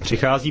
Přichází